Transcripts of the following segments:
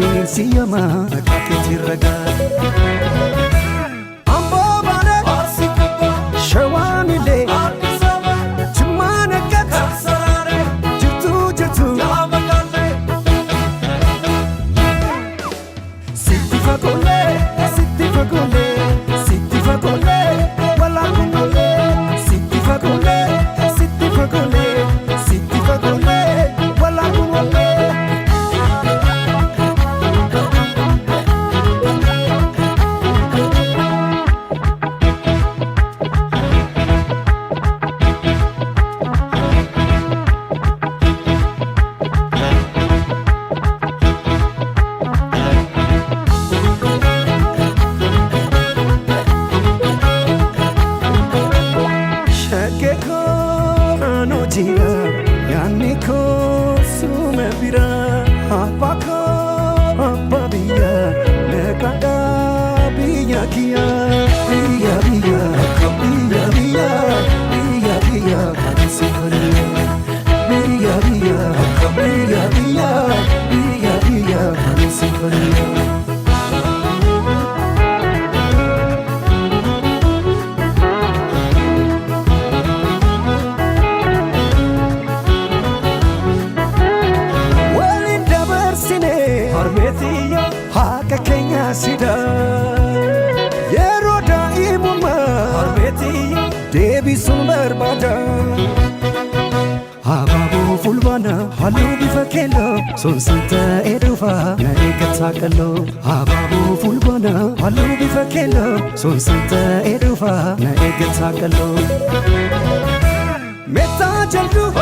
ልቤን ሲያማ መቃቴት ይረጋል ডাকিয়া በርባዳ አባቦ ፉልባነ ሀሎ ቢፈኬሎ ሶንስንተ ኤዱፋ ነሬ ከትሳቀሎ አባቦ ፉልባነ ሀሎ ቢፈኬሎ ሶንስንተ ኤዱፋ ነሬ ከትሳቀሎ ሜታ ጀልዱፋ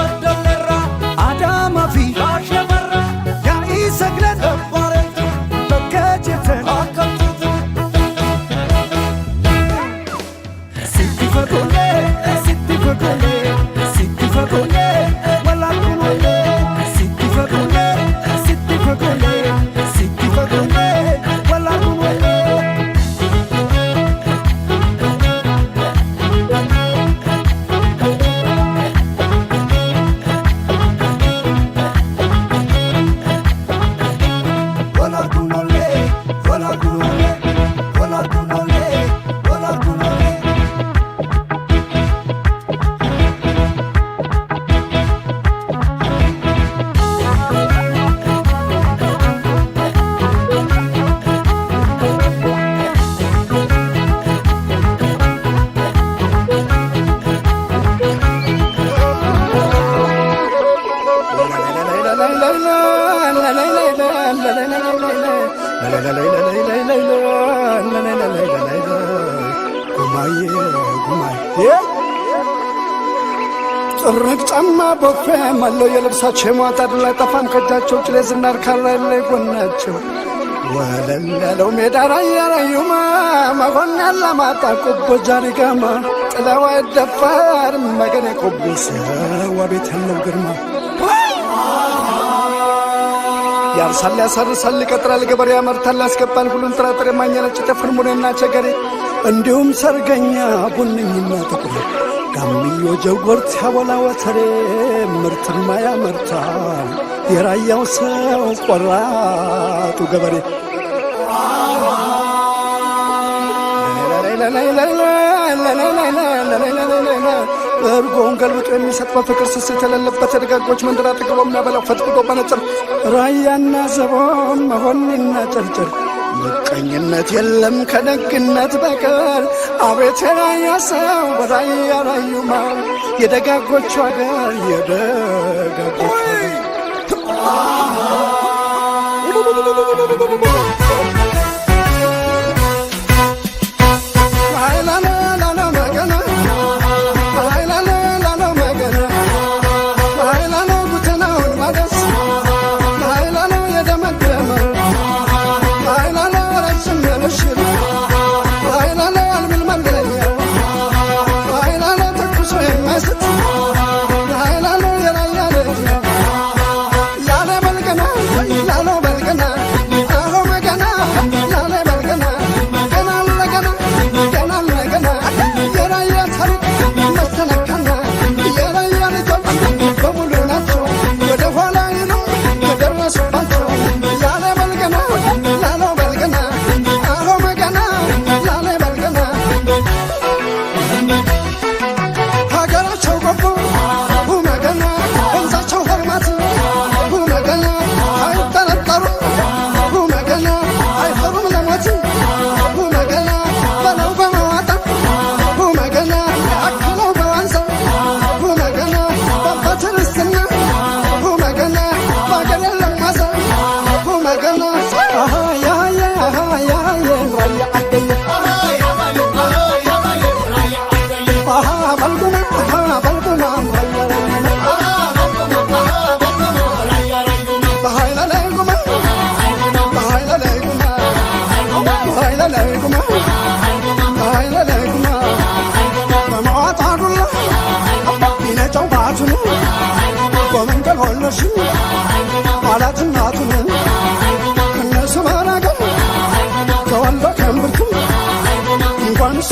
አልጠፋም አለው የልብሳቸው የማጣድ ላይ ጠፋም ከእጃቸው ጭሌ ዝናር ካላይ ላይ ጎናቸው ወለል ያለው ሜዳ ራያ ራዩማ መጎና ቆቦ ጃሪጋማ ጥለዋ ደፋር መገኔ ቆቦ ሰዋ ቤት ያለው ግርማ ያርሳል ያሳርሳል ይቀጥራል ገበሬ ያመርታል ያስገባል ሁሉን ጥራጥሬ ማኛ ነጭ ጤፍ ፍርሙኔና ቸገሬ እንዲሁም ሰርገኛ ቡንኝና ጥቁር ጋምዮ ጀጎርት ወተሬ ምርትማ ያመርታል የራያው ሰው ቆራጡ ገበሬ እርጎውን ገልብጦ የሚሰጥ በፍቅር ስስ የተለለበት ደጋጎች መንደር አጥግቦ የሚያበላው ፈጥቅጦ በነጭር ራያና ዘቦን መሆን ይናጨርጭር ምቀኝነት የለም ከደግነት በቀር አቤት የራያ ሰው በራያ ራዩማ የደጋጎቹ አገር የደጋጎቹ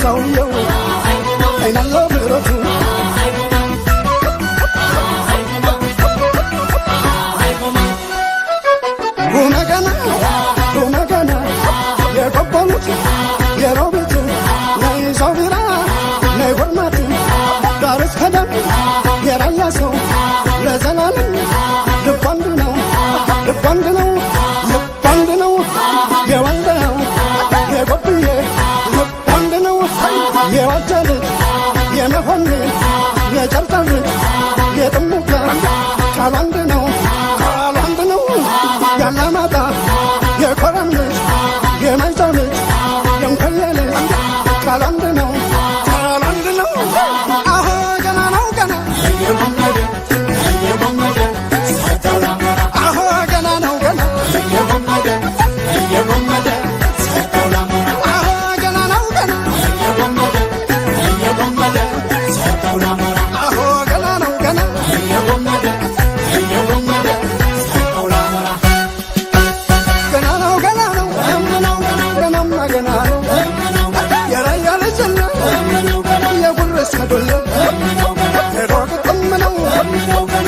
潮流。Go, go, go.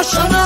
başına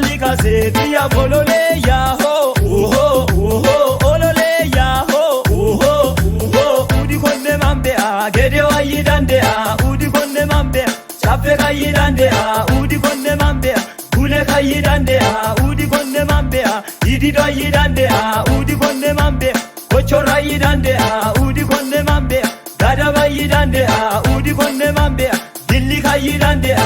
Malika seti ya polole ya ho uho uho olole ya ho uho uho udi konne mambe a gede wa yidande a udi konne mambe chape ka yidande a udi konne mambe gule ka yidande a udi konne mambe a idi do yidande a udi konne mambe kochora yidande a udi konne mambe gadaba yidande a udi konne mambe dilli ka yidande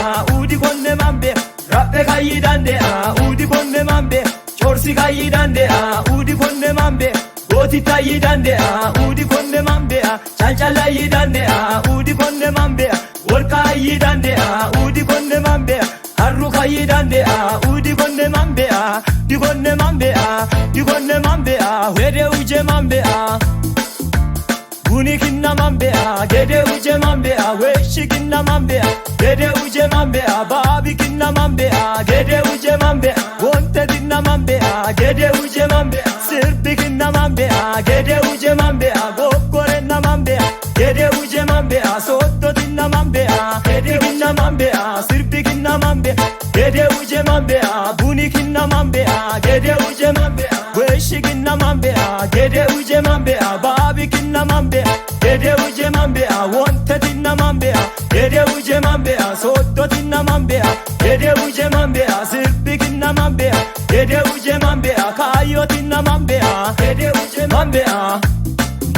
Goti gayi dande a udi konde mambe Goti tayi dande a udi konde mambe a Çalçala yi dande a udi konde mambe a Gorka yi dande a udi konde mambe a Harru kayi dande a udi konde mambe a Di konde mambe a di konde mambe a Hede uje mambe a Guni kinna mambe a Gede uje mambe a Weşi kinna mambe a Gede uje mambe a Babi kinna mambe a Gede uje mambe a gede uje mambe sir bigin na mambe gede uje mambe go kore na mambe gede uje mambe sotto din na mambe gede bigin na mambe sir bigin na mambe gede uje mambe bunikin na mambe gede uje mambe weşigin na mambe gede uje mambe babikin na mambe gede uje mambe wanted din na mambe gede uje mambe sotto din na mambe gede uje mambe Dede uje mambea kayo tina mambea Dede uje mambea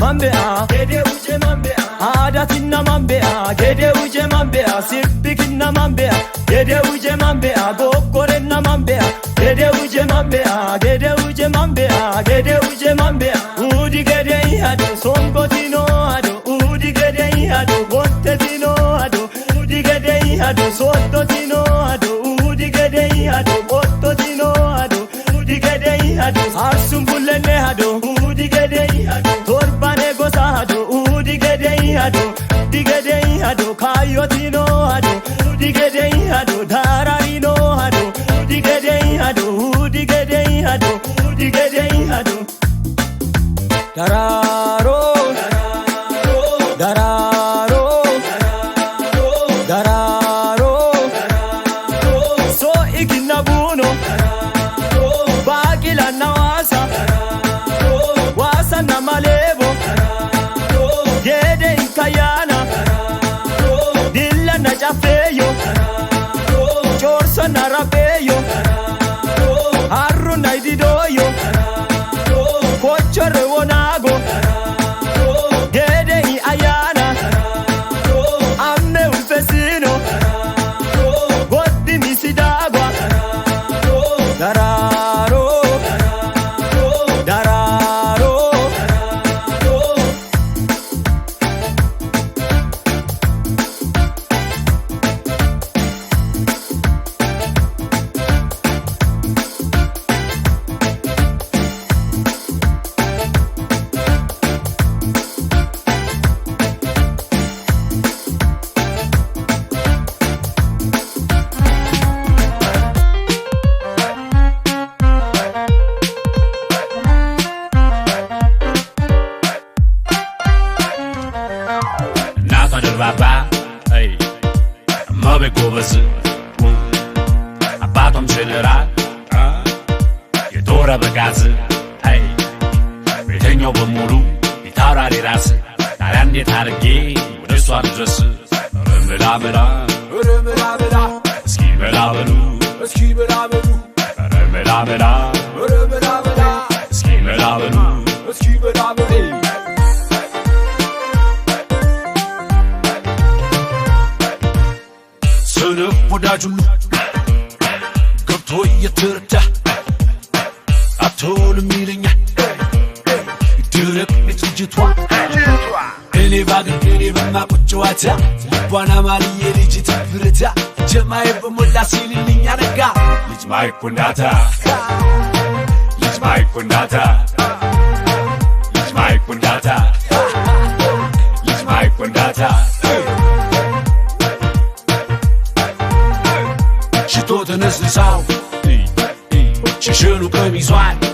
Mambea Dede uje mambea Ada tina mambea Dede uje mambea Sirpi kina mambea Dede uje mambea Gokore na mambea Dede uje mambea Dede uje mambea Dede uje mambea Udi gede ihado Songo tino ado Udi gede ihado Gonte tino ado Udi gede ihado Soto tino ado gedei hado kayotino hado di gedei hado dararino hado di gedei hado di gedei hado di gedei hado dara Chorso Narabeyo Arru Naididoyo ኮረ በጋዝ ታይ ቤተኛው በሙሉ ይታራሪ ራስ ታዲያ እንዴት አርጌ ወደ እሷ ልድረስ? በምላ በላ በምላ በላ እስኪ በላ በሉ እስኪ በላ በሉ በምላ በላ በምላ በላ እስኪ በላ በሉ እስኪ በላ በሉ ስንፍ ወዳጁ ገብቶ እየተረዳ አትሆንም ይለኛል ድርቅች ልጅቷ እኔ ባገኝ እኔ በማቁት ጨዋታ ልቧን አማልዬ ልጅት ፍርታ ጀማዬ በሞላ ሲልልኝ አረጋ ልጅ ማይኩ ልጅ ማይኩ ልጅ ማይኩ ልጅ ማይኩ ሽቶ ተነስንሳው ሽሽኑ ቀሚሷን